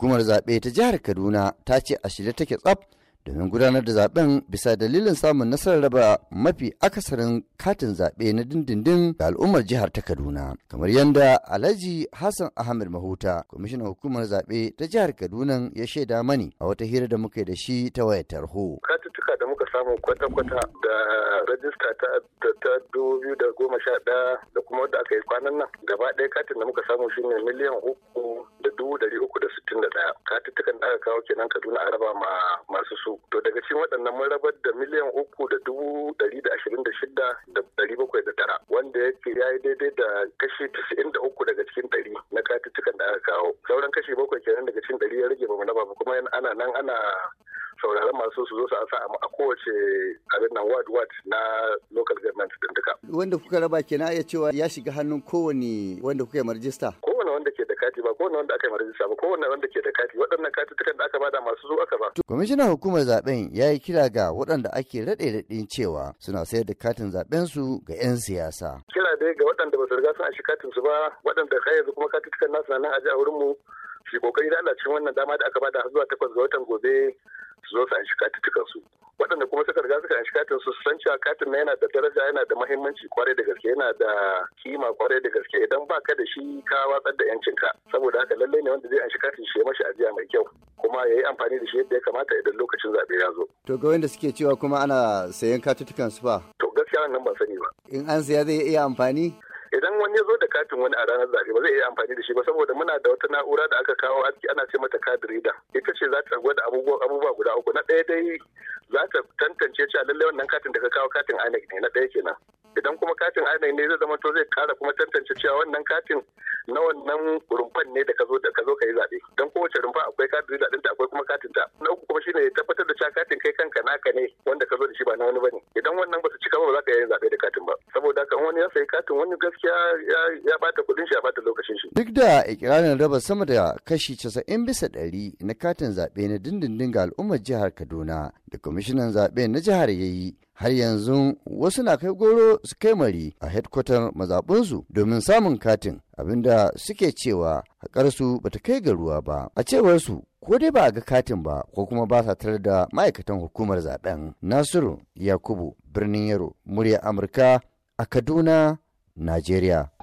Hukumar zaɓe ta jihar Kaduna ta ce a shirya take tsaf domin gudanar da zaben bisa dalilin samun nasarar raba mafi akasarin katin zaɓe na dindindin ga al'ummar jihar ta Kaduna. Kamar yadda Alhaji Hassan Ahmed Mahuta, kwamishinan hukumar zaɓe ta jihar Kaduna ya shaida mani a wata hira da muka da shi ta wayar tarho. Katuttuka da muka samu kwata-kwata da rajista ta dubu da goma sha da kuma wadda aka yi kwanan nan gaba ɗaya katin da muka samu shine miliyan uku da dubu ɗari uku da sittin da ɗaya katittikan da aka kawo kenan kaduna a raba ma masu su to daga cikin waɗannan mun rabar da miliyan uku da dubu ɗari da ashirin da shida da ɗari bakwai da tara wanda yake ya yi daidai da kashi tasa'in da uku daga cikin ɗari na katittikan da aka kawo sauran kashi bakwai kenan daga cikin ɗari ya rage ba mu raba ba kuma ana nan ana sauraron masu su zo su asa a kowace abin nan ward ward na local government din duka. Wanda kuka raba kenan ya cewa ya shiga hannun kowane wanda kuka yi marijista. kati ba ko wanda aka yi rajista ba ko wanda ke da kati waɗannan tukan da aka bada masu zuwa aka ba. kwamishinan hukumar zaben ya yi kira ga waɗanda ake raɗe raɗin cewa suna sayar da katin zaben su ga 'yan siyasa. kira dai ga waɗanda ba su riga sun ashi katin su ba waɗanda ka yanzu kuma tukan nasu na nan aji a wurin mu shi kokari da Allah cikin wannan dama da aka bada zuwa takwas ga watan gobe su zo su ashi tukan su. waɗanda kuma suka riga suka anshi katin su san cewa katin na yana da daraja yana da mahimmanci kwarai da gaske yana da kima kwarai da gaske idan ba ka da shi ka watsar da yancinka saboda haka lallai ne wanda zai anshi katin shi ya mashi ajiya mai kyau kuma ya yi amfani da shi yadda ya kamata idan lokacin zaɓe ya zo. To ga wanda suke cewa kuma ana sayan katutukan su ba. To gaskiya wannan ban sani ba. In an siya zai iya amfani? idan wani ya zo da katin wani a ranar zaɓe ba zai iya amfani da shi ba saboda muna da wata na'ura da aka kawo ana ce mata card reader ita ce za ta gwada abubuwa guda uku na ɗaya dai za ka tantance cewa lallai wannan katin da ka kawo katin INEC ne na ɗaya kenan idan kuma katin INEC ne zai zama to zai kara kuma tantance cewa wannan katin na wannan rumfan ne da ka zo ka yi zaɓe dan kowace rumfa akwai katin zaɓen ta akwai kuma katin ta na uku kuma shine tabbatar da cewa katin kai kanka naka ne wanda ka zo da shi ba na wani bane idan wannan ba su cika ba ba za ka yi zaɓe da katin ba ya sai katin wani gaskiya ya bata kudin shi ya bata lokacin shi. Duk da ikirarin raba sama da kashi casa'in bisa ɗari na katin zaɓe na dindindin ga al'ummar jihar Kaduna da kwamishinan zaɓe na jihar ya yi har yanzu wasu na kai goro su kai mari a hedkwatar mazaɓinsu domin samun katin abinda suke cewa haƙarsu bata kai ga ruwa ba a cewar su ko dai ba a ga katin ba ko kuma ba sa tarar da ma'aikatan hukumar zaɓen nasiru yakubu birnin yaro murya amurka a Kaduna, Najeriya.